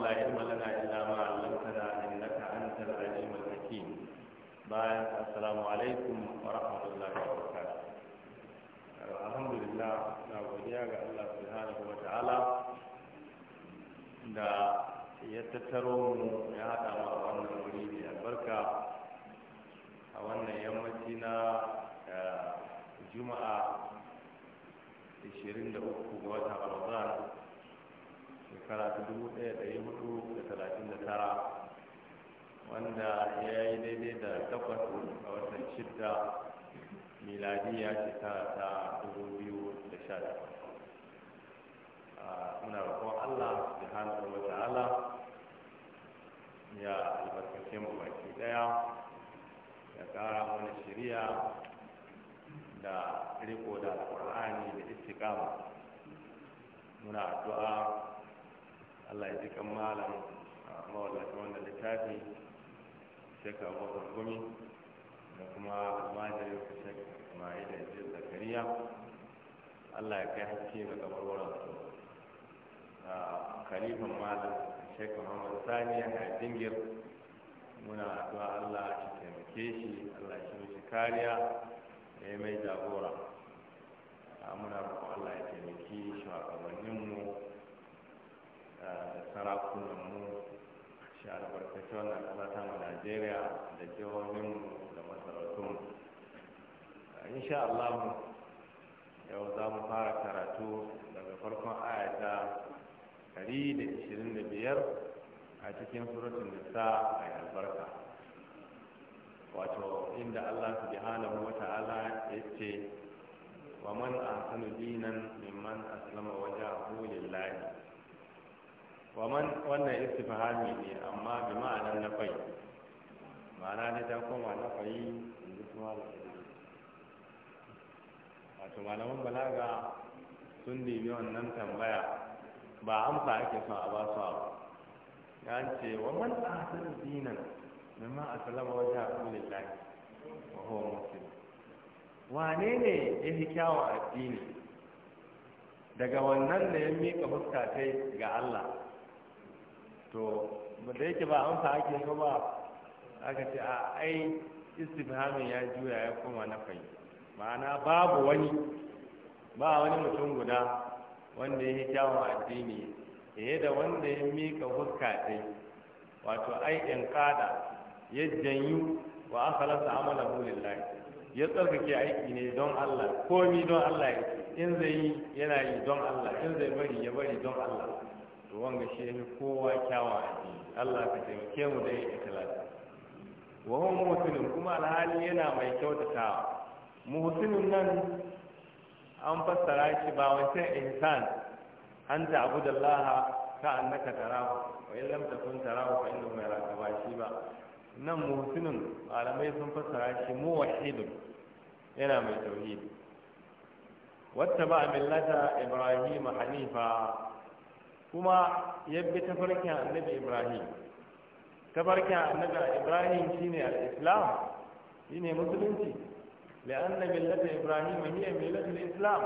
la ilma lana illa ma 'allamtana innaka antal 'alimul hakim bay assalamu alaykum wa rahmatullahi wa barakatuh alhamdulillah na godiya ga Allah subhanahu da ya tattaro mu ya hada mu a wannan wuri da albarka a wannan yammaci na eh, juma'a 23 ga watan ramadan shekara ta dubu ɗaya ɗari hudu da talatin da tara wanda ya yi daidai da takwas a watan shidda miladiya shekara ta dubu biyu da sha takwas muna roƙon allah subhanahu wa ta'ala ya albarkace mu baki ɗaya ya ƙara wani shiriya da riko da alƙur'ani da istiqama muna addu'a allah ya ji kan malam wanda wannan littafi shekar abubakar gumi da kuma almajirin su shekar yi da jin zakariya allah ya kai haske ga kabarwaran su kalifin malam shekar muhammad sani ya dingir, muna addu'a allah shi taimake shi allah shi mishi kariya ya yi mai jagora muna roƙon allah ya taimake taimaki shugabanninmu da sarakunan mu shi ƙasa ta mu najeriya da jihohin da masarautun insha Allah yau za mu fara karatu daga farkon ayata 125 a cikin suratun nisa mai albarka wato inda Allah subhanahu wa ta'ala ya ce wa man waje dinan mimman aslama wajahu lillahi wannan istifhami ne amma bi ma'anar na fai ma'ana ne ta koma na fai yanzu kuma da wato malaman balaga sun nemi wannan tambaya ba amsa ake son a ba su abu ya ce wa man ahsan dinan wajen aslama wajha lillahi wa huwa musulmi wane ne ya fi kyawun addini daga wannan da ya miƙa fuska ga Allah to da yake ba amsa ake ko ba aka ce a ai istifhamin ya juya ya koma na fai ma'ana babu wani ba wani mutum guda wanda ya yi addini fiye da wanda ya mika huska ɗai wato ai in kada ya janyu wa amala, amalahu lillahi ya tsarkake aiki ne don Allah komi don Allah in zai yi yana yi don Allah in zai bari ya bari don Allah to wanga shi kowa kyawa Allah ka taimake mu da ya wa huwa muhsinun kuma alhali yana mai kyautatawa muhsinun nan an fassara shi ba wancan insan an ta'budu Allah ka annaka tarahu wa in lam takun tarahu fa innahu yaraka ba shi ba nan muhsinun malamai sun fassara shi mu muwahhidun yana mai tauhidi wata ba millata ibrahim hanifa kuma ya bi tafarkin annabi ibrahim tafarkin annabi ibrahim shine al-islam shine musulunci la'anna millata ibrahim hiya millatul islam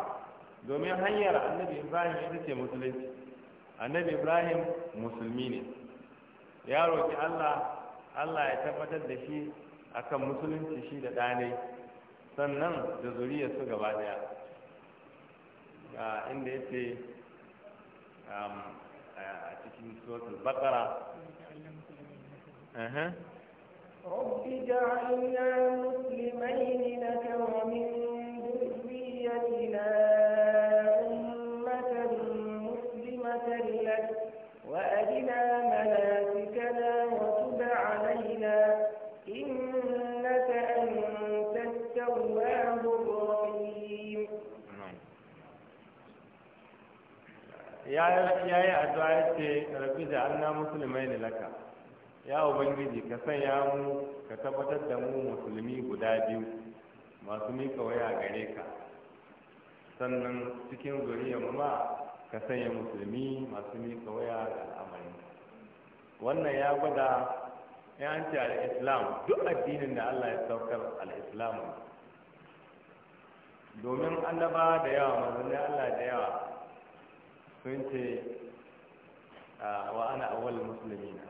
domin hanyar annabi ibrahim ita ce musulunci annabi ibrahim musulmi ne ya roki allah allah ya tabbatar da shi akan musulunci shi da ɗane sannan da zuriyarsu gaba ɗaya inda ya ce a um, uh, cikin suratul baqara aha uh-huh. rabbi ja'alna muslimaina lak ya yi addu'a ya ce rabbi da anna musulmai ne laka ya ubangiji ka sanya mu ka tabbatar da mu musulmi guda biyu masu mika waya gare ka sannan cikin zuriyar ma ka sanya musulmi masu mika waya ga al'amari wannan ya gwada ya an al'islam duk addinin da allah ya saukar al'islam domin annaba da yawa manzanni allah da yawa sunce ce wa ana awal musulmi na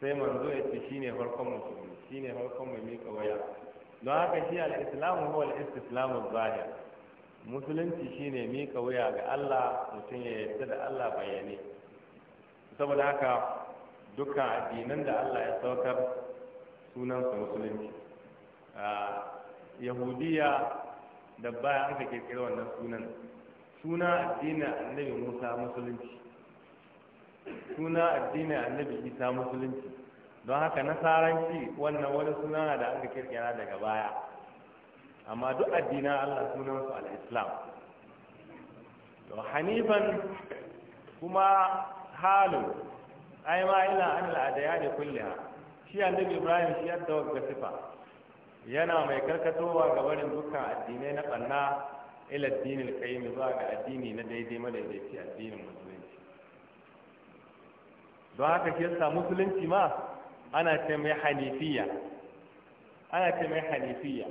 sai manzo ya ce shine farkon musulmi shine farkon mai mika waya don haka shi al-islamu huwa al-istislamu zahir musulunci shine mika waya ga Allah mutum ya yarda da Allah bayane saboda haka dukkan addinan da Allah ya saukar su musulunci yahudiya da baya an ka kirkiri wannan sunan suna addinin annabi musa musulunci suna addinin annabi isa musulunci don haka nasaranci wannan wani suna na da aka kirkira daga baya amma duk addina allah su al-islam to hanifan kuma Halu, ai ma ila an al'adaya ne kulliha shi annabi ibrahim shi yadda wagga sifa yana mai karkatowa ga barin dukkan addinai na ɓanna ila addinin qayyim zuwa ga addini na daidai madaidaici addinin musulunci don haka ke sa musulunci ma ana ce mai hanifiya ana ce mai hanifiya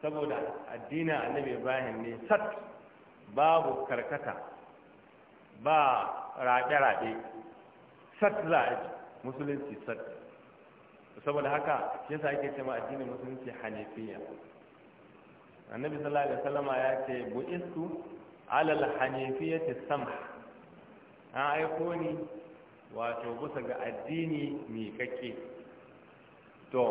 saboda addinin annabi ibrahim ne sat babu karkata ba raɗe-raɗe sat za a ji musulunci sat saboda haka shi yasa ake cewa addinin musulunci hanifiya annabi sallallahu alaihi wasallam ya ce bu'istu alal hanifiyati samh an aiko ni wato bisa ga addini mi kake to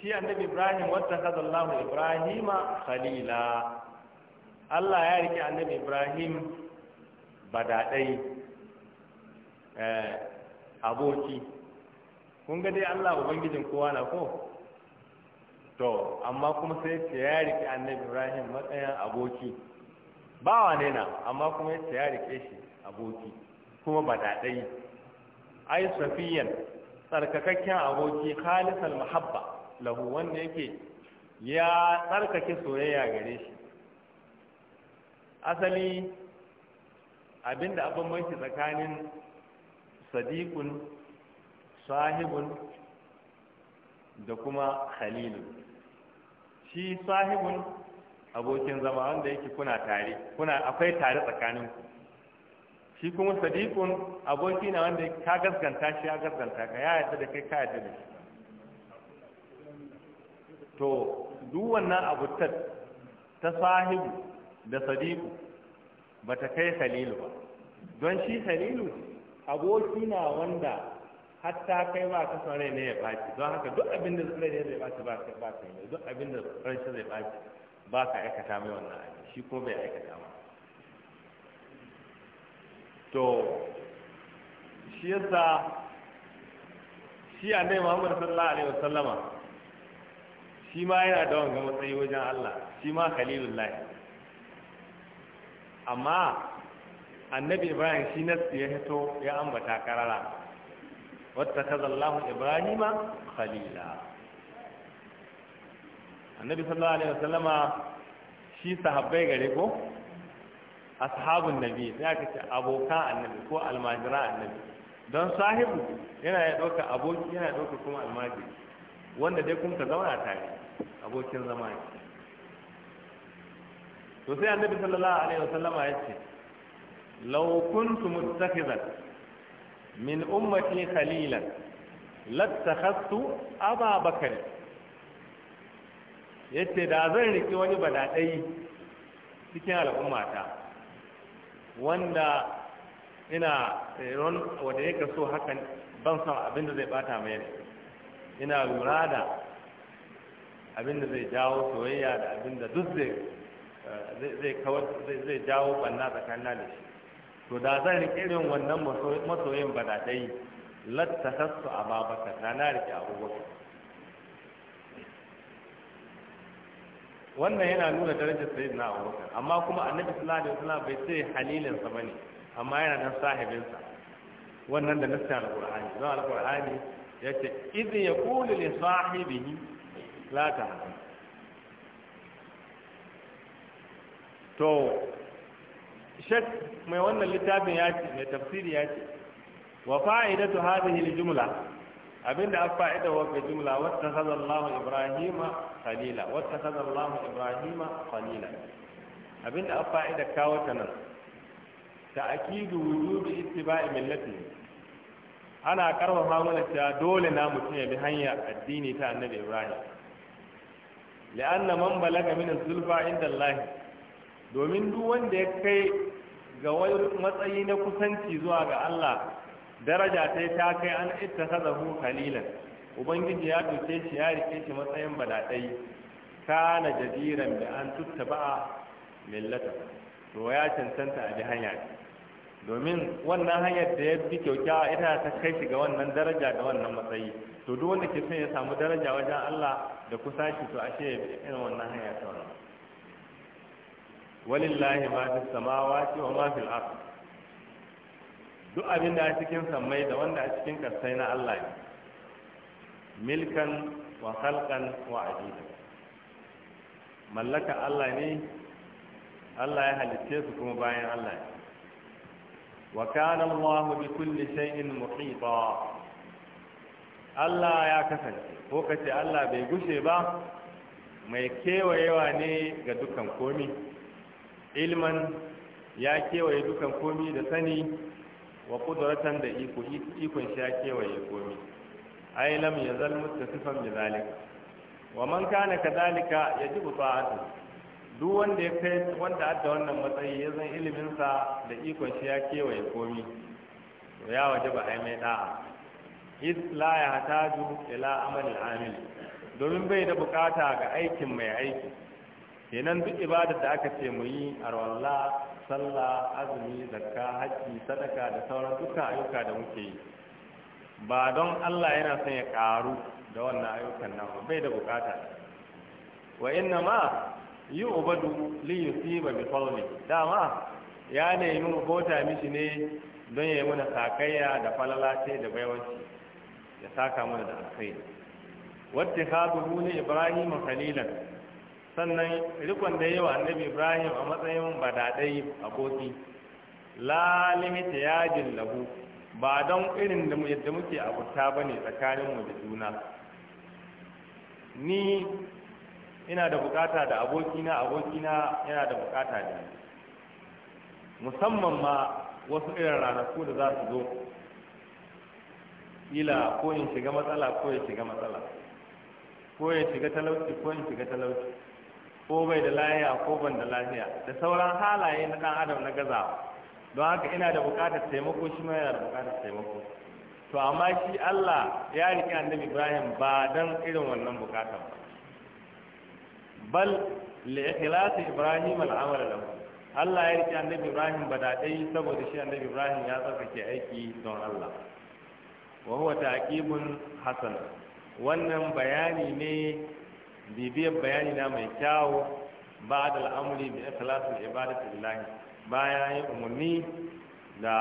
shi annabi ibrahim wata kazallahu ibrahima khalila allah ya rike annabi ibrahim badadai eh, aboki kun ga dai allah ubangijin kowa na ko to amma kuma sai ce ya riƙe annabi ibrahim matsayin aboki ba wa na amma kuma yace ya riƙe shi aboki kuma ba daɗai ai safiyan tsarkakakken aboki khalisal muhabba lahu wanda yake ya tsarkake soyayya gare shi asali abinda abin mai tsakanin sadiqun sahibun da kuma khalilun shi sahibun abokin zama wanda yake kuna tare kuna akwai tare tsakanin ku shi kuma sadiqun aboki na wanda ka gaskanta shi ya gaskanta ka ya yarda da kai ka yarda da shi to duk wannan abutar ta sahibu da sadiqu bata kai khalilu ba don shi khalilu aboki na wanda hatta kai ba ka son rai ne ya baci don haka duk abin da rai ne zai baci ba ka ba ne duk abin da ne zai baci ba ka aikata mai wannan abin shi ko bai aikata ba to shi yasa shi annabi Muhammad sallallahu alaihi wasallama shi ma yana da wanga matsayi wajen Allah shi ma khalilullahi amma annabi Ibrahim shi nasu ya hito ya ambata karara واتخذ الله إبراهيم Ibrahim النبي Annabi الله عليه وسلم shi sahabbai gare ko ashabun nabi sai aka ce abokan annabi ko almajira annabi don sahibu yana ya ɗauka aboki yana ɗauka kuma almajiri wanda dai kun ka zauna tare abokin zama ne to sai annabi sallallahu alaihi wasallama ya ce law kuntu muttakhizan min ummati khalilan lattakhastu aba bakar yace da zan riki wani badadai cikin al'ummata wanda ina ron wanda yake so hakan ban san abin da zai bata mai ina lura da abin da zai jawo soyayya da abin da duk zai eh, zai kawar zai jawo banna tsakanin da shi to da zan rike irin wannan masoyin ba da ɗai lattasassu a babata na na riƙe abubakar wannan yana nuna darajar sayyid na abubakar amma kuma annabi sallallahu alaihi wasallam bai ce halilinsa ba ne amma yana nan sahibinsa wannan da nasta alqur'ani don alqur'ani yace ce idh yaqulu li sahibihi la tahzan to shek mai wannan littafin ya ce mai tafsiri ya ce wa fa'idatu hadhihi al-jumla abinda an fa'ida wa jumla wata kaza Allah Ibrahima khalila wata kaza Allah Ibrahima khalila abinda an fa'ida kawo ta nan ta'kidu wujubi ittiba'i millati ana karfafa mana cewa dole na mutum ya bi hanya addini ta annabi Ibrahim la'anna man balaga min zulfa inda Allah domin duk wanda ya kai ga wani matsayi na kusanci zuwa ga Allah daraja ta ta kai an hu kalilan ubangiji ya dace shi ya rike shi matsayin badadai kana jadiran da an tuttaba millata to ya cancanta a bi hanya domin wannan hanyar da ya bi kyaukyawa ita ta kai shi ga wannan daraja da wannan matsayi to duk wanda ke son ya samu daraja wajen Allah da kusa shi to ashe irin wannan hanya ta wannan walillahi ma fi samawati wa ma fil ard duk abin da a cikin sammai da wanda a cikin kasai na Allah ne milkan wa khalqan wa ajidan mallaka Allah ne Allah ya halicce su kuma bayan Allah ne wa kana Allah bi kulli shay'in muhita Allah ya kasance ko kace Allah bai gushe ba mai kewayewa ne ga dukkan komai ilman ya kewaye dukan komi da sani wa kudratan da iko ikon shi ya kewaye komi ai lam yazal muttasifan bi zalik wa man kana kadalika yajibu ta'atu duk wanda ya kai wanda adda wannan matsayi ya zan ilimin sa da ikon shi ya kewaye komi to ya wajaba ai mai da'a is la hataju ila amali amil domin bai da bukata ga aikin mai aiki kenan duk ibadar da aka ce mu yi a rawalla, sallah azumi zakka haji sadaka da sauran dukkan ayyuka da muke yi ba don Allah yana son ya karu da wannan ayyukan nan bai da bukata wa inna ma yu'badu li yusiba bi fadli dama ya nemi mu bota mishi ne don ya yi mana sakayya da falalace da baiwanci ya saka mana da alkhairi wa ka ne ibrahim khalilan sannan rikon da yawa annabi ibrahim a matsayin badadai aboki la limita yajin lahu ba don irin da yadda muke abuta ba ne tsakaninmu da juna ni ina da bukata da abokina abokina yana da bukata da ni musamman ma wasu irin ranaku da za su zo ila ko in shiga matsala ko ya shiga matsala ko ya shiga talauci ko in shiga talauci ko bai da lafiya ko ban da lafiya da sauran halaye na ɗan adam na gaza don haka ina da bukatar taimako shi ma yana da bukatar taimako to amma shi Allah ya riƙe annabi Ibrahim ba dan irin wannan bukatar ba bal li ikhlasi Ibrahim al'amala lahu Allah ya riƙe annabi Ibrahim ba da dai saboda shi annabi Ibrahim ya ke aiki don Allah wa huwa ta'qibun hasan wannan bayani ne bibiyar bayani na mai kyawu ba da al'amuri bi ikhlasul ibadati lillahi bayan yi umarni da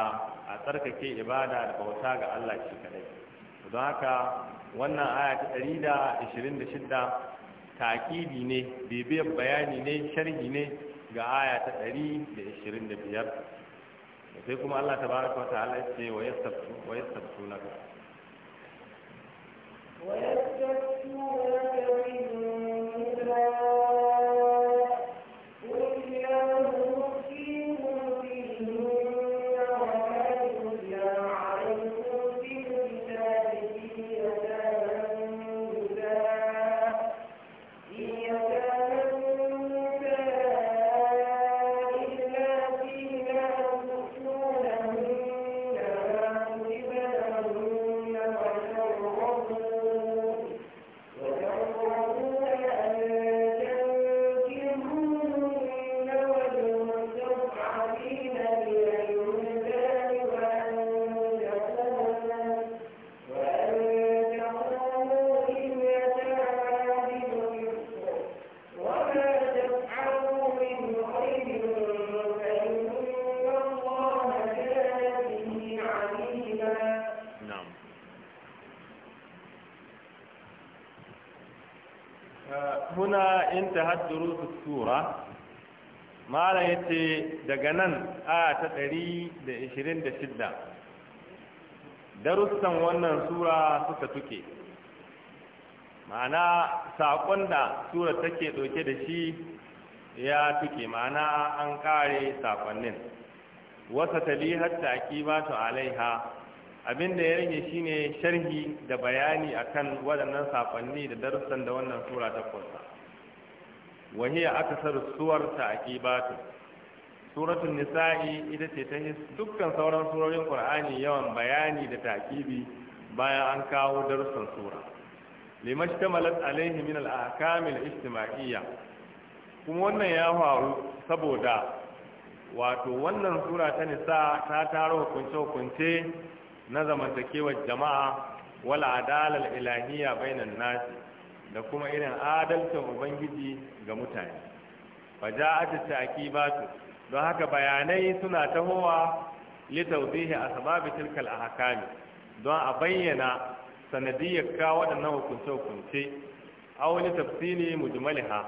a tsarkake ibada da bauta ga Allah shi kadai don haka wannan aya ta 126 takidi ne bibiyar bayani ne sharhi ne ga aya ta 125 sai kuma Allah tabaraka wa ta'ala ya ce wa yastabtu wa yastabtu naka ويستفتونك daga nan a ta 126 darussan wannan sura suka tuke ma'ana saƙon da sura take ɗauke da shi ya tuke ma'ana an ƙare saƙonnin wasa ba aqibatu alaiha abinda ya rage shi ne sharhi da bayani akan waɗannan saƙonni da darussan da wannan sura ta kunsa wahiya akasar suwar ta Suratun nisa'i ita ce ta dukkan sauran surorin qur'ani yawan bayani da takibi bayan an kawo darussan sura limashtamalat alaihi min al-ahkam al-ijtima'iyya kuma wannan ya faru saboda wato wannan sura ta nisa ta taro hukunce-hukunce na zamantakewar jama'a wal adalal ilahiyya bainan nasi da kuma irin adalcin ubangiji ga mutane ja'at ta'kibatu don haka bayanai suna tahowa litawdihi asbabi tilkal Hakami. don a bayyana sanadiyyar ka waɗannan hukunce hukunce aw li tafsili mujmaliha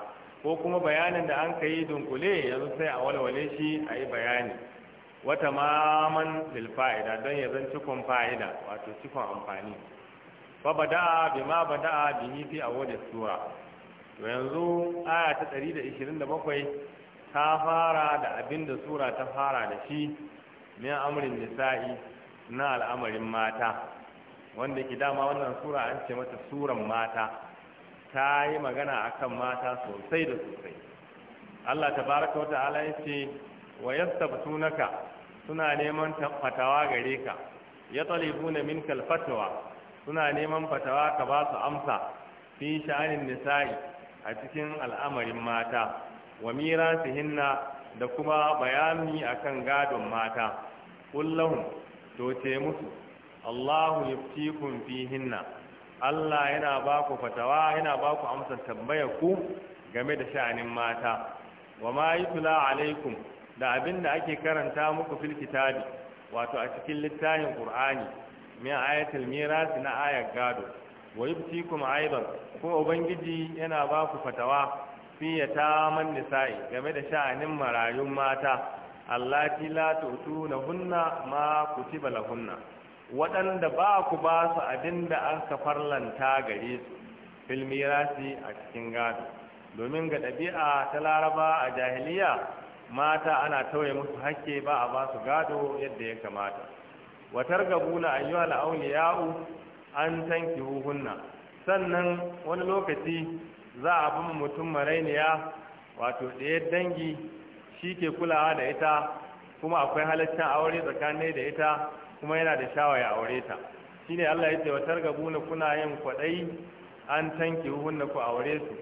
ko kuma bayanin da an kai dunkule yanzu sai a walwale shi a yi bayani wata maman lil fa'ida don ya zan cikon fa'ida wato cikon amfani fa bada'a bima bada'a bihi fi awwal sura yanzu aya ta 127 ta fara da abin da sura ta fara da shi min amrin nisa'i na al'amarin mata wanda ke dama wannan sura an ce mata suran mata ta yi magana akan mata sosai da sosai Allah tabaraka wa ta'ala ya ce wa yastabtunaka suna neman fatawa gare ka ya yatalibuna minkal kalfatawa suna neman fatawa ka ba su amsa fi sha'anin nisa'i a cikin al'amarin mata wa mirasihinna da kuma bayani akan gadon mata kullahu to ce musu Allahu yuftikum hinna Allah yana ba ku fatawa yana ba ku amsar tambaya ku game da sha'anin mata wa ma yutla alaikum da abin da ake karanta muku fil kitabi wato a cikin littafin Qur'ani min ayatul mirasi na ayat gado wa yuftikum aidan kuma ubangiji yana ba ku fatawa ta man nisa'i game da sha'anin marayun mata allati la tutuna hunna ma kutiba lahunna waɗanda ba ku ba su abinda an ka farlanta gare su fil mirasi a cikin gado domin ga ɗabi'a ta laraba a jahiliya mata ana tauye musu hakke ba a ba su gado yadda ya kamata watar na ayyuhal auliya'u an hunna sannan wani lokaci za a bi mutum marainiya wato ɗaya dangi shi ke kulawa da ita kuma akwai halittar aure tsakanin da ita kuma yana da shawaya aure ta Shi ne Allah ya ce watar wa targabuna kuna yin kwaɗayi an tanki hunna ku aure su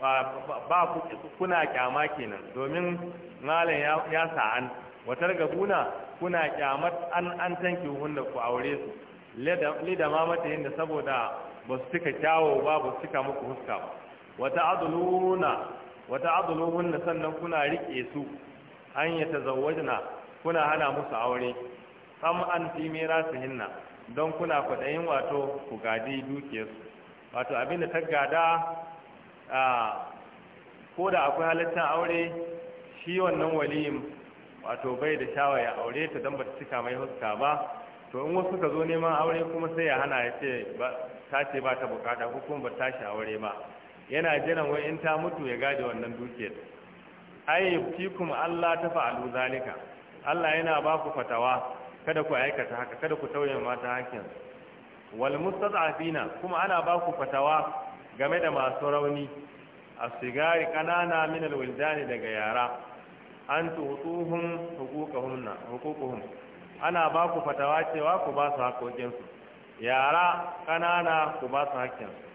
ba kuna kyama kenan domin malam ya sa'an Watar wa targabuna kuna kyamat an an tanki hunna ku aure su lidama mata yin da saboda ba su cika kyawo ba ba su cika muku huska ba wata aduluna wata sannan kuna rike su an ya tazawwajna kuna hana musu aure am an fi hinna, don kuna kwaɗayin wato ku gadi dukiyarsu wato abin da ta gada a ko da akwai halittar aure shi wannan waliyin wato bai da shawaya ya aure ta don ba ta cika mai huska ba to in wasu ka zo neman aure kuma sai ya hana ya ce ta ce ba ta bukata ko kuma ba ta aure ba yana jiran wai in ta mutu ya gade wannan dukiyar ai fikum Allah ta fa'alu zalika Allah yana ba ku fatawa kada ku aikata haka kada ku tauye mata hakkin wal mustad'afina kuma ana ba ku fatawa game da masu rauni asigari kanana min alwildani daga yara antu tutuhum huquqahumna huququhum ana ba ku fatawa cewa ku ba su su yara kanana ku ba su su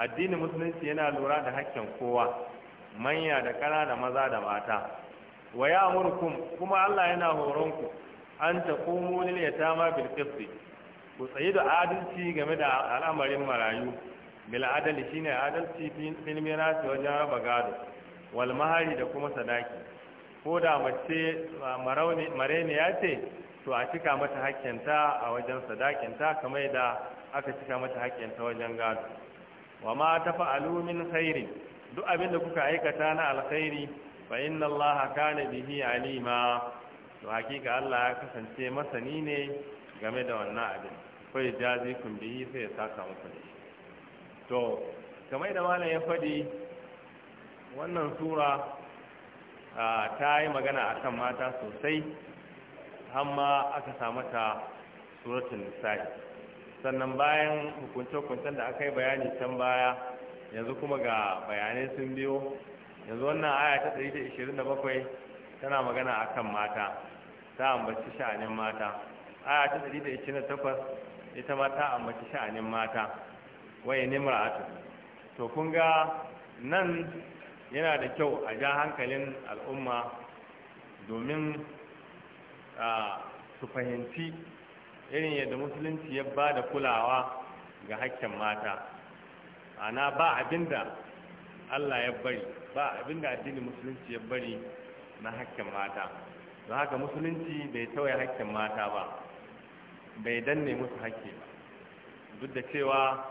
addinin musulunci yana lura da hakkin kowa manya da da maza da mata wa ya murkum kuma Allah yana horonku an taqumu lil yatama bil qist ku tsayi da adalci game da al'amarin marayu bil adali shine adalci fil mirasi wajen raba gado wal mahari da kuma sadaki ko da mace marauni ya ce to a cika mata hakkinta a wajen sadakinta kamar da aka cika mata hakkinta wajen gado wa ma fa’alu min khairi duk abin da kuka aikata na alkhairi fa inna haka ne bihi alima to hakika Allah ya kasance masani ne game da wannan abin kai jazi kun bihi sai ya saka muku da to kamar da malam ya fadi wannan sura ta yi magana a kan mata sosai har ma aka samu ta suratul nisa'i sannan bayan hukunce-hukuncen da aka yi bayani can baya yanzu kuma ga bayanai sun biyo yanzu wannan aya ta 127 tana magana akan mata ta ambaci sha'anin mata aya ta 128 ita ma ta ambaci sha'anin mata waye nimra'atu to kun ga nan yana da kyau a ja hankalin al'umma domin ah, su fahimci irin yadda musulunci ya ba da kulawa ga hakken mata ana ba abinda Allah ya bari ba abinda addinin musulunci ya bari na hakken mata don haka musulunci bai tauye hakken mata ba bai danne musu hakki ba duk da cewa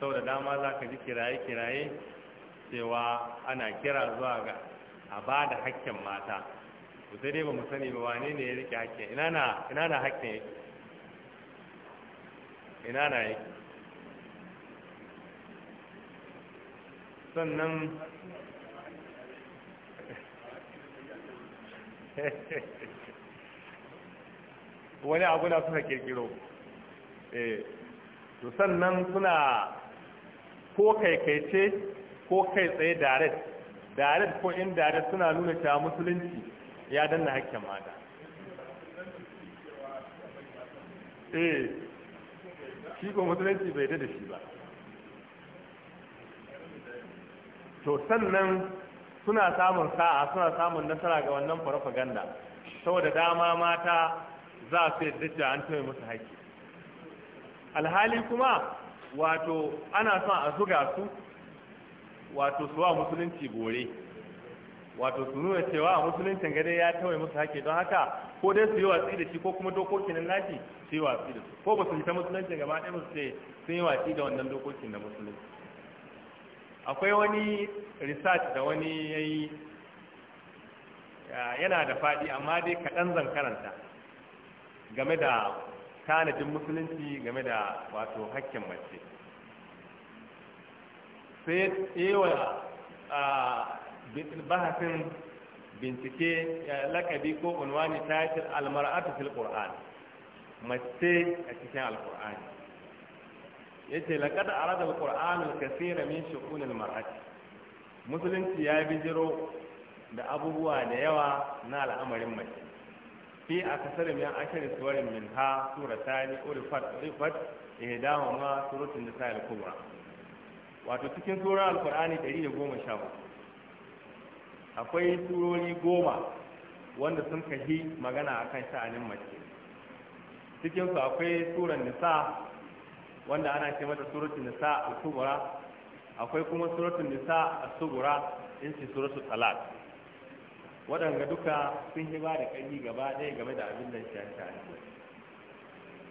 sau da dama za ka ji kiraye-kiraye cewa ana kira zuwa ga a ba da hakkin mata sai dai ba mu sani ba wane ne ya rike hakkin ina na hakkin ina na yake sannan wani abu na suna kirkiro eh, to sannan suna ko kaikaice ko kai tsaye direct direct ko indirect suna nuna cewa musulunci ya danna hakkin mata eh shi ko musulunci bai da shi ba to sannan suna samun sa'a suna samun nasara ga wannan farfaganda saboda dama mata za su yi cewa an tauye musu haƙƙi alhali kuma wato ana son a zuga su wato suwa musulunci gore wato su nuna cewa a musulunci gare ya tawaye musu hake don haka ko dai su yi watsi da shi ko kuma dokokin nan su yi watsi da su ko ba su ta musuluncin gaba ɗaya su ce sun yi watsi da wannan dokokin na musulunci akwai wani research da wani ya yi yana da faɗi amma dai kaɗan zan karanta game da tanadin musulunci game da wato hakkin mace sai ya bahasin bincike eh, lakabi ko unwani title almar'atu fil qur'an mace a cikin alqur'an yace laqad arada alqur'an alkaseera min shu'un almar'at musulunci ya bijiro da abubuwa da yawa na al'amarin mace fi akasar min ashari suwarin min ha suratani ulfat rifat ihdama ma suratin nisa al-kubra wato cikin sura alqur'ani 114 akwai turori goma wanda sun kashi magana a kan sha'anin mace cikinsu akwai suran nisa wanda ana ce mata suratun nisa a tsugura, akwai kuma suratun nisa a tsugura in ce suratu talat waɗanda duka sun hiba da ƙarfi gaba ɗaya game da abin da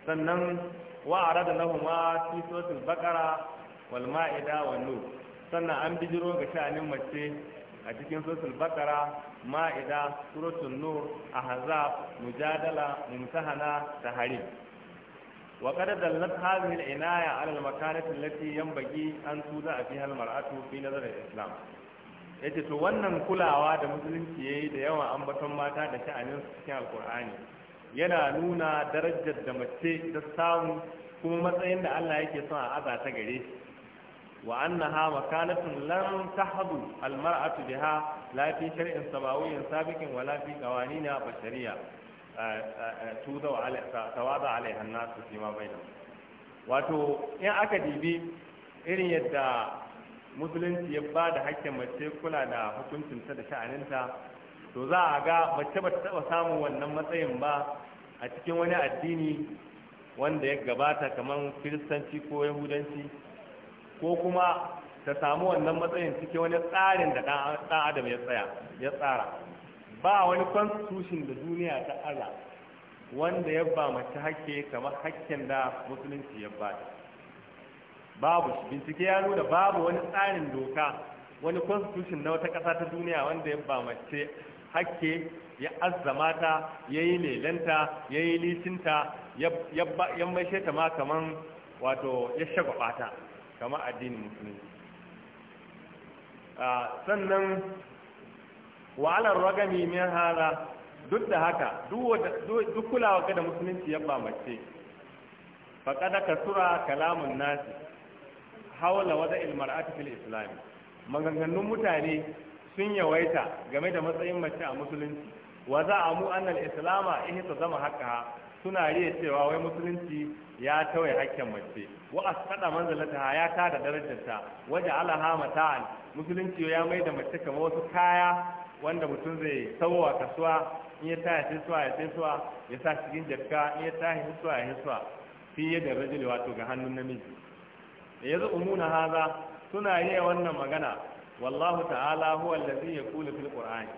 sannan wa'ara da lahuma fi shi baqara wal walma'ida wa nur sannan an bijiro ga sha'anin mace a cikin sosul bakara ma'ida surutun nur ahzab mujadala mumtahana da وقد دلت هذه العناية على المكانة التي ينبغي أن fi فيها المرأة في islam. Ya yace to wannan kulawa da musulunci yayi da yawan ambaton mata da sha'anin su cikin alkur'ani yana nuna darajar da mace ta samu kuma matsayin da Allah yake son a aza ta gare shi وأنها مكانة لم تحظو المرأة بها لا في شرع سماوي سابق ولا في قوانين بشرية توضع عليها الناس فيما بينهم wato in aka dibi irin yadda musulunci ya ba da hakkin mace kula da hukuncinta da sha'aninta to za a ga mace ba ta taɓa samun wannan matsayin ba a cikin wani addini wanda ya gabata kamar kiristanci ko yahudanci ko kuma ta samu wannan matsayin cikin wani tsarin da ɗan adam ya tsaya ya tsara ba wani constitution da duniya ta Allah wanda ya ba mace hakke kamar hakken da musulunci ya ba babu bincike ya nuna babu wani tsarin doka wani constitution na wata ƙasa ta duniya wanda ya ba mace hakke ya azzama ta ya yi lelanta ya yi lisinta ya maishe ta ma kaman wato ya shagwaba ta kama addinin musulunci sannan wa'alar ragami min hala duk da haka duk kulawa ga da musulunci ya bamace faƙada kasura kalamun nasi haula wada ilmar'ati fil islam maganganun mutane sun yawaita game da matsayin mace a musulunci wa za a mu annal islama ihi ta zama haka suna riya cewa wai musulunci ya tawaye hakkin mace wa asqada manzalata ya da darajarta waje alaha mata'an musulunci ya mai da mace kamar wasu kaya wanda mutum zai sauwa kasuwa in ya taya sai ya sai ya sa cikin jakka in ya taya sai ya sai fi yadda rajuli wato ga hannun namiji da umuna haza suna yi wannan magana wallahu ta'ala huwa allazi yaqulu fil qur'ani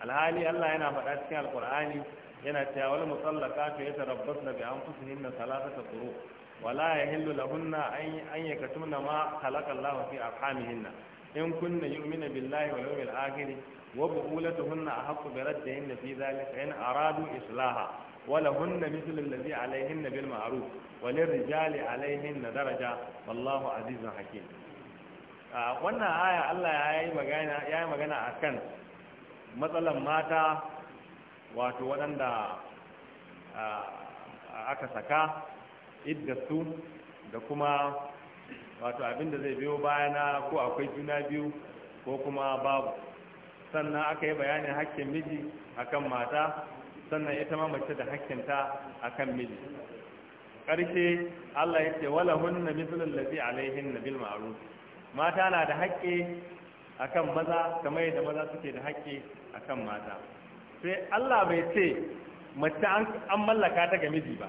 alhali Allah yana faɗa cikin alqur'ani yana cewa wal musallaqatu yatarabbasna bi anfusihinna thalathata quru wala yahillu lahunna an an yaktumna ma khalaqa Allahu fi arhamihinna in kunna yu'minu billahi wal yawmil akhir wa bu'ulatuhunna ahaqqu bi raddihinna fi dhalika in aradu islaha ولهن مثل الذي عليهن بالمعروف وللرجال عليهن درجة والله عزيز حكيم wannan aya Allah ya yi magana akan matsalan mata wato waɗanda aka saka iddasu da kuma wato abinda zai biyo bayana ko akwai juna biyu ko kuma babu sannan aka yi bayanin hakkin miji akan mata sannan ita ma mace da ta akan miji ƙarshe Allah ya ce wala hunna mislul ladhi alaihin nabil ma'ruf mata na da hakki akan maza kamar yadda maza suke da hakki akan mata sai Allah bai ce mace an mallaka ta ga miji ba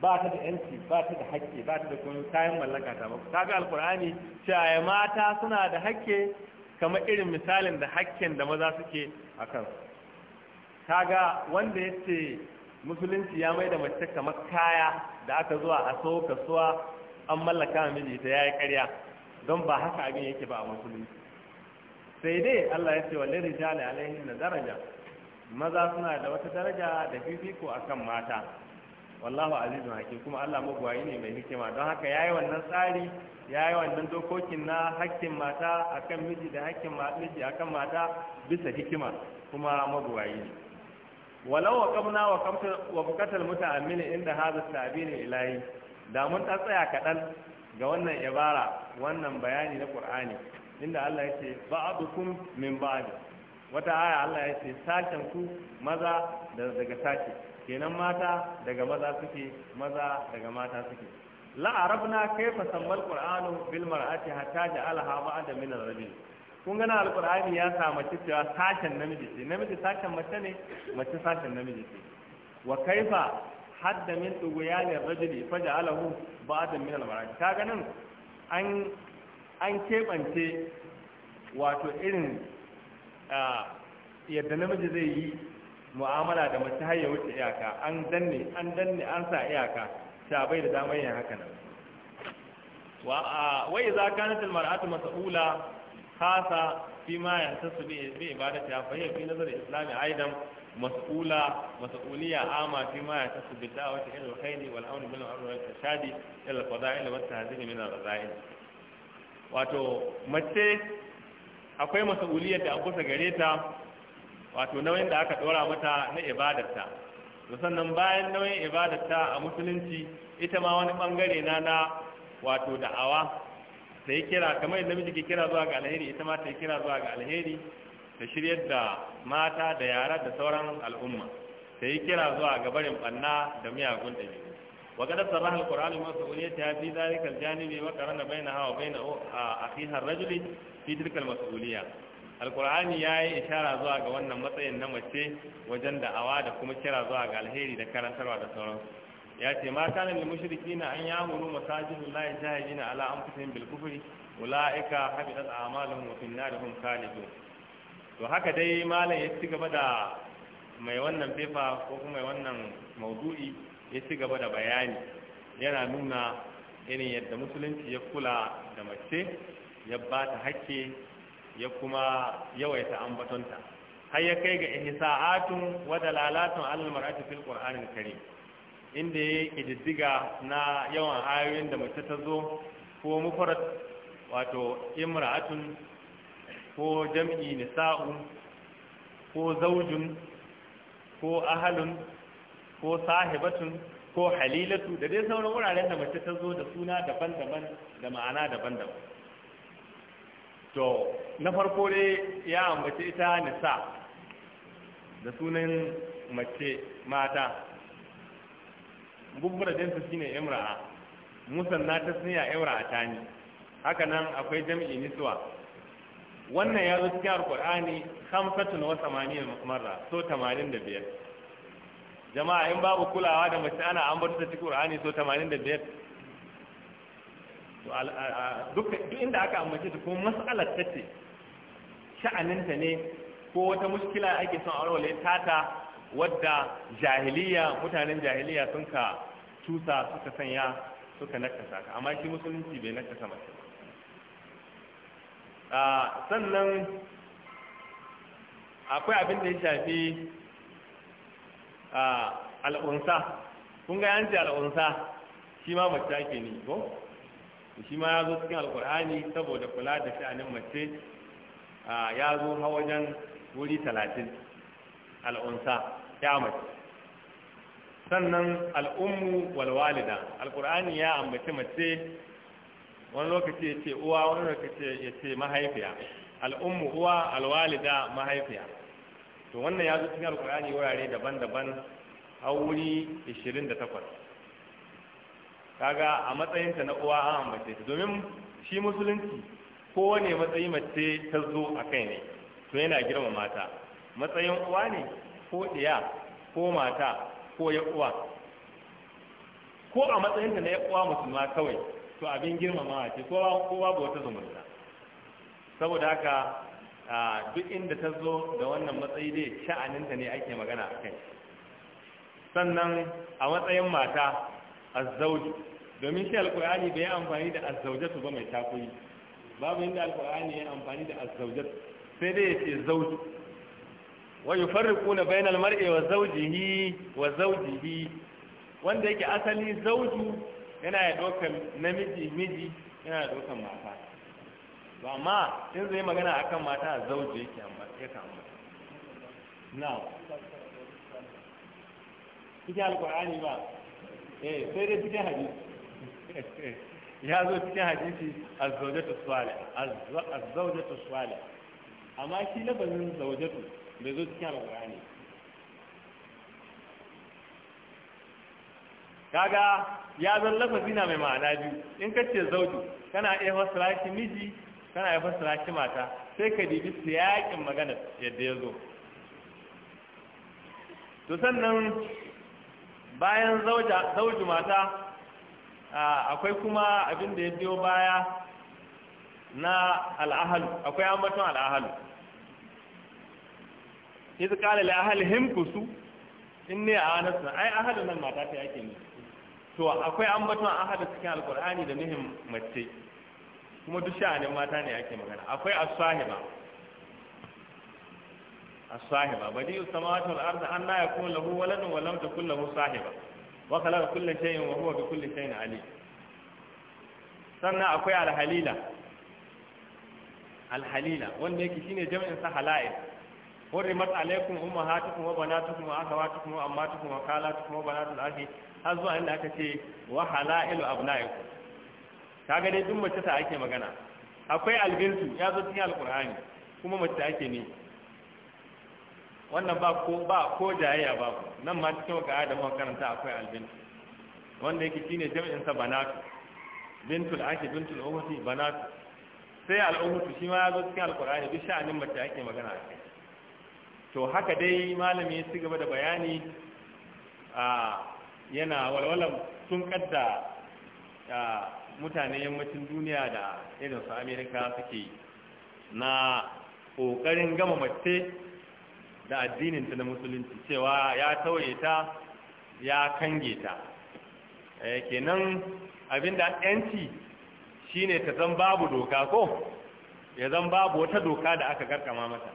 ba ta da yanci ba ta da hakke ba ta da kuma kayan mallaka ta ba Ta ga alkur'ani cewa mata suna da hakke kamar irin misalin da hakken da maza suke a Ta ga wanda ya ce musulunci ya mai da mace kamar kaya da aka zuwa a so kasuwa an mallaka miji ta yi karya don ba haka abin yake ba a musulunci sai dai Allah ya ce wa lirijali alaihin da daraja maza suna da wata daraja da fifiko akan mata wallahu azizun hakim kuma Allah magwayi ne mai hikima don haka ya yi wannan tsari ya yi wannan dokokin na hakkin mata a kan miji da hakkin miji kan mata bisa hikima kuma magwayi ne walau waqamna wa qamta wa buqatal muta'ammin inda hadha ta'bir ilahi da mun ta tsaya kaɗan ga wannan ibara wannan bayani na Qur'ani inda Allah ya ce ba'dukum min ba'd wata aya Allah ya ce sashen ku maza daga sashe kenan mata daga maza suke maza daga mata suke la arabna kayfa sammal qur'anu bil mar'ati hatta ja'alaha ba'da min ar-rajul kun gana alqur'ani ya samu cewa sashen namiji ce namiji sashen mace ne mace sashen namiji ce wa kaifa hadda min tughyan ar-rajuli faja'alahu ba'da min al-mar'ati kaga nan an an keɓance wato irin yadda namiji zai yi mu'amala da mace har ya wuce iyaka an danne an danne an sa iyaka shabai da damar yin haka nan wa wai za ka na kanat al mar'atu ula, khasa fi ma yantasu bi bi ibadatiha fa hiya fi nazar islam aidan mas'ula mas'uliyya ama fi ma yantasu bi da'wati ila al khair wal amr bil ma'ruf wal irshad ila al fada'il wat tahdhib min al ghadail wato mace akwai mas'uliyar da kusa gare ta wato nauyin da aka dora mata na ibadarta sannan bayan nauyin ibadarta a musulunci ita ma wani bangare na na wato da'awa ta yi kira kamar yadda miji ke kira zuwa ga alheri ita ma ta yi kira zuwa ga alheri ta shiryar da mata da yara da sauran al'umma ta yi kira zuwa ga barin banna da miyagun ɗabi'u وقد صرح القرآن مسؤوليتها في ذلك الجانب وقرن بينها وبين أخيها الرجل في تلك المسؤولية alkur'ani ya yi ishara zuwa ga wannan matsayin na mace wajen da'awa da kuma kira zuwa ga alheri da karantarwa da sauransu ya ce ma kana lil mushrikina an ya'muru masajidallahi jahilina ala anfusihim bil kufri ulaika habitat a'maluhum wa fin narihim khalidun to haka dai malam ya ci da mai wannan fefa ko kuma mai wannan maudu'i ya ci gaba da bayani yana nuna irin yadda musulunci ya kula da mace ya ba ta hake ya kuma yawaita ambatonta har ya kai ga ihsa'atun wa dalalatun al mar'ati fil qur'anil karim inda ya kididdiga na yawan ayoyin da mace ta zo ko mufarat wato imra'atun ko jam'i nisa'u ko zaujun ko ahalun ko sahibatun ko halilatu da dai sauran wuraren da mace ta zo da suna daban-daban da ma'ana daban-daban to na farko dai ya ambaci ita nisa da sunan mace mata bubburadinsa shine imra'a musanna ta sunya imra'a ni haka nan akwai jam'i niswa wannan ya zo cikin alkur'ani hamsatun wa samaniyar marra so 85 da biyar jama'a in babu kulawa da mace ana ta cikin Qur'ani so 85 to duk inda aka ambace ta ko mas'alar ta ce sha'aninta ne ko wata muskila ake son aure tata wadda jahiliya mutanen jahiliya sun ka tusa suka sanya suka nakasa ka amma shi musulunci bai nakasa mace ba sannan akwai abin da ya shafi al'unsa kun ga yanci al'unsa shi ma mace ake ni ko shi ma ya zo cikin alkur'ani saboda kula da sha'anin mace ya zo ha wajen wuri talatin al'unsa ya mace sannan al'ummu walwalida alkur'ani ya ambaci mace wani lokaci ya ce uwa wani lokaci ya ce mahaifiya al'ummu uwa alwalida mahaifiya to wannan ya zo cikin alkur'ani wurare daban-daban a wuri 28 kaga a matsayinta na uwa an ambace ta domin shi musulunci kowane matsayi mace ta zo a kai ne to yana girma mata matsayin uwa ne ko ɗiya ko mata ko ya uwa ko a matsayinta na ya uwa musulma kawai to abin girmamawa ce kowa ba wata zumunta saboda haka a duk inda ta zo da wannan matsayi dai sha'aninta ne ake magana a kai sannan a matsayin mata azzauji domin shi alkur'ani bai yi amfani da azzaujatu ba mai takuyi babu inda alkur'ani ya amfani da azzaujatu sai dai ya ce zauji wa yufarriquna bainal mar'i wa zawjihi wa zawjihi wanda yake asali zauju yana da dokan namiji miji yana da dokan mata to amma in zai magana akan mata zauje yake amma yake ambata now cikin alkur'ani ba eh sai dai cikin hadisi ya zo cikin hadisi azzaujatu salih zawjatu salih amma shi lafazin Zawjatu, bai zo cikin alkur'ani kaga ya zan lafazi na mai ma'ana biyu in ka ce kana iya wasu shi miji kana ya fassara shi mata sai ka dibi yaƙin magana yadda ya zo to sannan bayan zauji mata akwai kuma abin da ya biyo baya na al'ahalu akwai ambaton al'ahalu iz qala li ne a wani suna ai ahalu nan mata ta yake ne to akwai ambaton ahalu cikin alkur'ani da muhim mace kuma duk sha'anin mata ne ake magana akwai as-sahiba as-sahiba badi'u samawati wal ardi an la yakun lahu waladun wa lam takul lahu sahiba wa khalaqa kulla shay'in wa huwa bi kulli shay'in Ali. sannan akwai al-halila al-halila wanda yake shine jami'in sa halail hurrimat alaikum ummahatukum wa banatukum wa akhawatukum wa ammatukum wa khalatukum wa banatul akhi har zuwa inda aka ce wa halailu abnaikum kaga dai duk mace ta ake magana akwai albintu ya zo cikin alkur'ani kuma mace ake ne wannan ba ko ba ko jayayya ba nan ma cikin waka da mu karanta akwai albintu wanda yake shine jami'in sa banatu bintul aki bintul ummati banatu sai al'ummatu shi ma ya zo cikin alkur'ani duk sha'anin mace ake magana akai to haka dai malami ya ci gaba da bayani a yana walwalan sun kadda mutane yammacin duniya da irin su amerika suke na ƙoƙarin gama mace da addininta na musulunci cewa ya tauye ta ya kange ta eh, kenan abinda yanci shine ta zan babu doka ko ya zan babu wata doka da aka karkama mata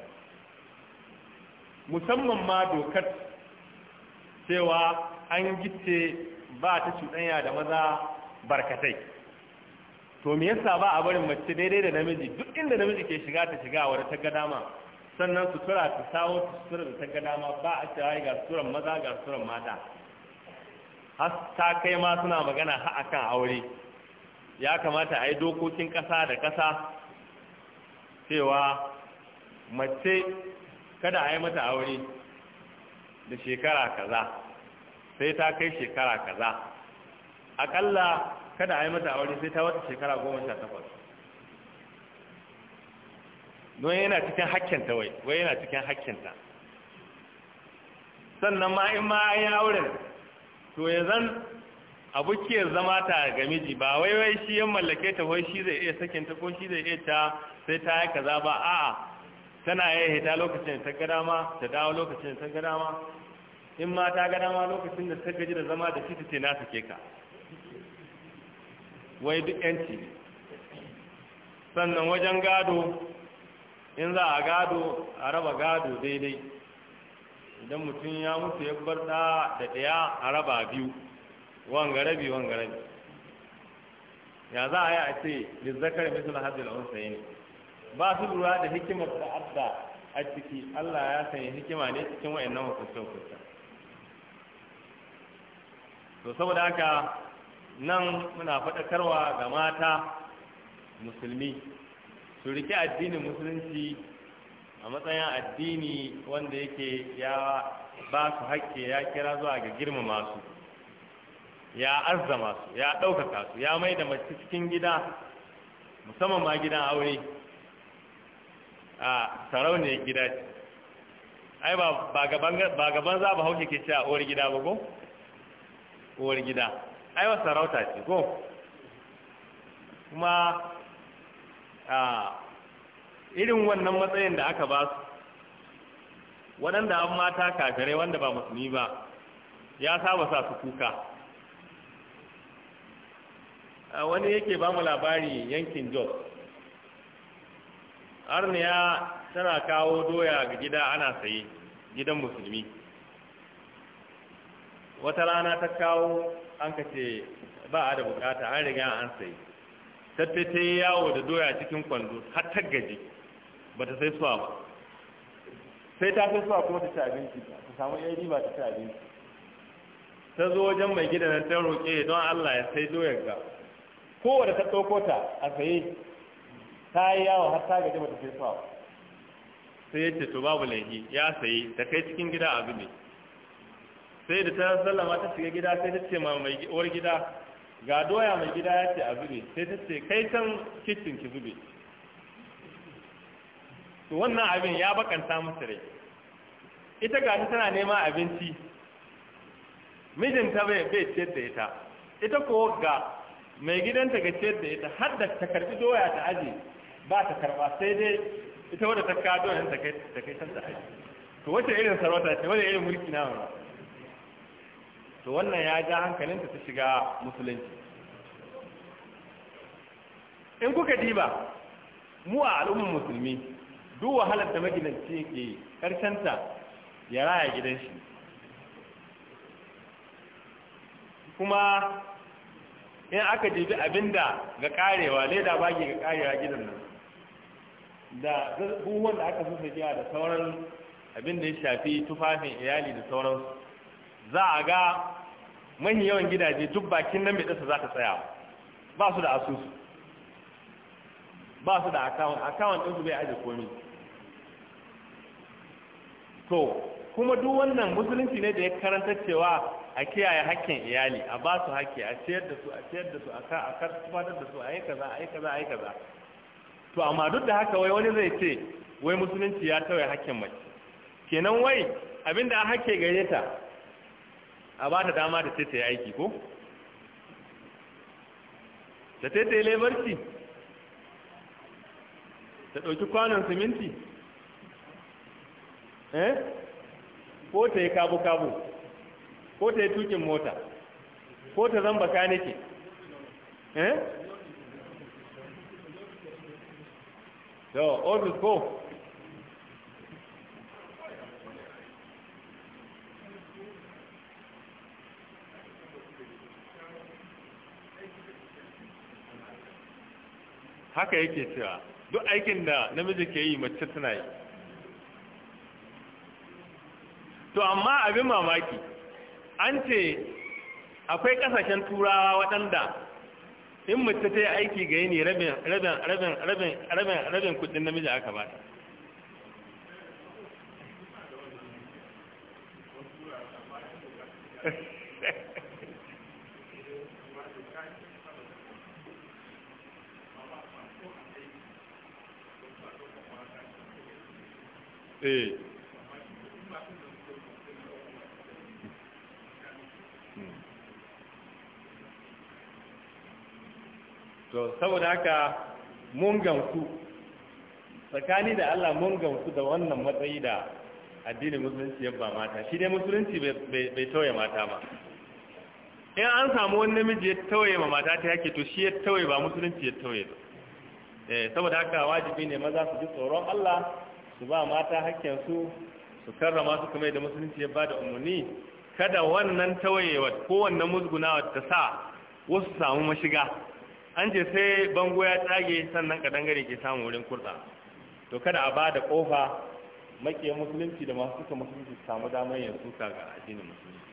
musamman ma dokar cewa an gice ba ta cuɗanya da maza barkatai to me yasa ba a barin mace daidai da namiji duk inda namiji ke shiga ta shiga wa ta ga dama sannan sutura ta sawo ta sutura da ta ga dama ba a cewa ga suran maza ga suran mata har ta kai ma suna magana ha akan aure ya kamata a yi dokokin kasa da kasa. cewa mace kada a yi mata aure da shekara kaza sai ta kai shekara kaza aƙalla kada a yi mata aure sai ta wata shekara goma sha takwas don yana cikin hakkinta wai wai yana cikin hakkinta sannan ma in ma an yi auren to ya zan ke zama ta ga miji ba wai wai shi yan mallake ta wai shi zai iya ta, ko shi zai iya ta sai ta yi kaza ba a'a tana yi hita lokacin da ta ga dama ta dawo lokacin da ta ga dama in ma ta ga dama lokacin da ta gaji da zama da shi ta ce na sake ka wai duk yanci sannan wajen gado in za a gado a raba gado daidai idan mutum ya mutu ya bar da da ɗaya a raba biyu wanga rabi wanga rabi ya za a yi a ce lizzakar misal hadil unsayi ne ba su lura da hikimar da adda a ciki Allah ya sanya hikima ne cikin wayannan hukunce kusa to saboda haka nan muna faɗakarwa ga mata musulmi su rike addinin musulunci a matsayin addini wanda yake ya ba su hakke ya kira zuwa ga girmama su ya arza masu, ya ɗaukaka su ya mai da mace cikin gida musamman ma gidan aure a sarauniyar gida ce ai ba gaban za ba hauke ke ce a uwar gida ba ko uwar gida aiwa sarauta ce ko kuma a irin wannan matsayin da aka ba su waɗanda an mata kafirai wanda ba musulmi ba ya saba sa su kuka a wani yake ba mu labari yankin jos arniya tana kawo doya ga gida ana saye gidan musulmi wata rana ta kawo an ka ce ba a da bukata an riga an sai tattai ta yi yawo da doya cikin kwando har ta gaji ba ta sai suwa ba sai ta sai suwa kuma ta ci abinci ta samu yan riba ta ci abinci ta zo wajen mai gidan nan ta roƙe don allah ya sai doyar ga kowane ta ɗauko ta a saye ta yi yawo har ta gaji ba ta sai suwa ba sai ya ce to babu laifi ya sayi ta kai cikin gida abu ne sai da ta sallama ta shiga gida sai ta ce ma mai uwar gida ga doya mai gida ya ce a zube sai ta ce kai can kitchen ki zube to wannan abin ya bakanta musu rai ita ga ta tana neman abinci mijinta bai bai ce da ita ita ko ga mai gidanta ga ce da ita har da ta karbi doya ta aje ba ta karba sai dai ita wadda ta kawo doyan ta kai ta kai ta aje to wace irin sarauta ce wace irin mulki na to wannan ya ja hankalinta ta shiga musulunci in kuka diba mu a al'ummar musulmi duk wahalar da magidanci yake karshenta ya raya gidan shi kuma in aka jibi abinda ga karewa leda bagi ga karewa gidan nan da buhuwan da aka saka giya da sauran abinda ya shafi tufafin iyali da sauransu za a ga mahi yawan gidaje duk bakin nan mai ɗasa za ka tsaya ba su da asusu ba su da akawun akawun ɗinsu bai aje komi to kuma duk wannan musulunci ne da ya karanta cewa a kiyaye hakkin iyali a ba su haƙƙi a ciyar da su a ciyar da su a ka a karfatar da su a yi kaza a yi kaza a yi kaza to amma duk da haka wai wani zai ce wai musulunci ya tawaye hakkin mace kenan wai abinda a hakke gare ta a ba ta dama da sai ta aiki ko da sai ta yi laibarci ta ɗauki kwanon siminti eh ko ta yi kabu-kabu ko ta yi tukin mota ko ta zamba kanike eh? to ofis ko haka yake cewa duk aikin da namiji ke yi mace tana yi to amma abin mamaki an ce akwai kasashen turawa waɗanda in mace ta yi aiki ga yi ne rabin kudin namiji aka ba ta Yes. Eh. to saboda haka mun gamsu tsakani da Allah mun gamsu da wannan matsayi da addinin musulunci ya ba mata shi dai musulunci bai tauye mata ba in an samu wani namiji ya tauye ma mata ta yake to shi ya tauye ba musulunci ya tauye ba eh, saboda haka wajibi ne maza su ji tsoron Allah su ba mata hakkinsu su karrama su kuma da musulunci ya bada umarni kada wannan tawayewa ko wannan musgunawa ta sa wasu samu mashiga an ce sai bango ya tsage sannan kadangare ke samun wurin kurɗa to kada a bada kofa make musulunci da masu suka musulunci su samu damar yin suka ga addinin musulunci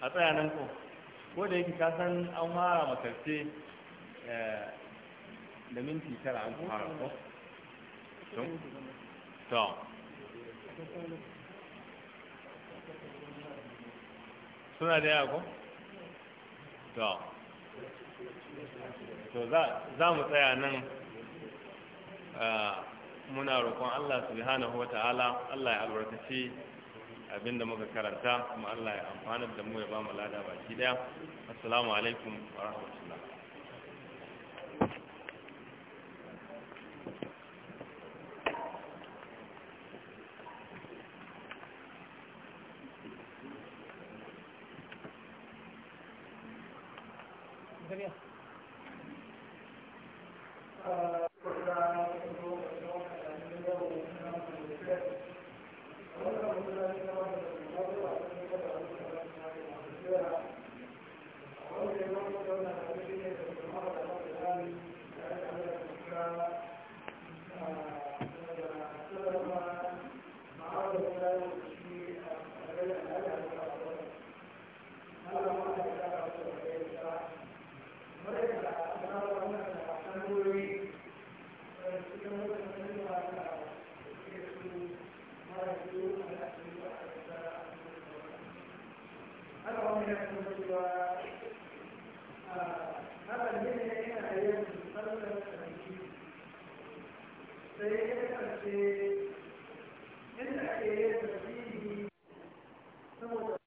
a tsaya nan ko ko da yake ka san an fara makarce eh, da minti tara an fara ko to suna da yawa ko to za mu tsaya nan muna roƙon Allah subhanahu wa ta'ala Allah ya albarkaci abinda muka karanta kuma Allah ya amfana da mu ya ba mu lada baki daya assalamu alaikum wa rahmatullahi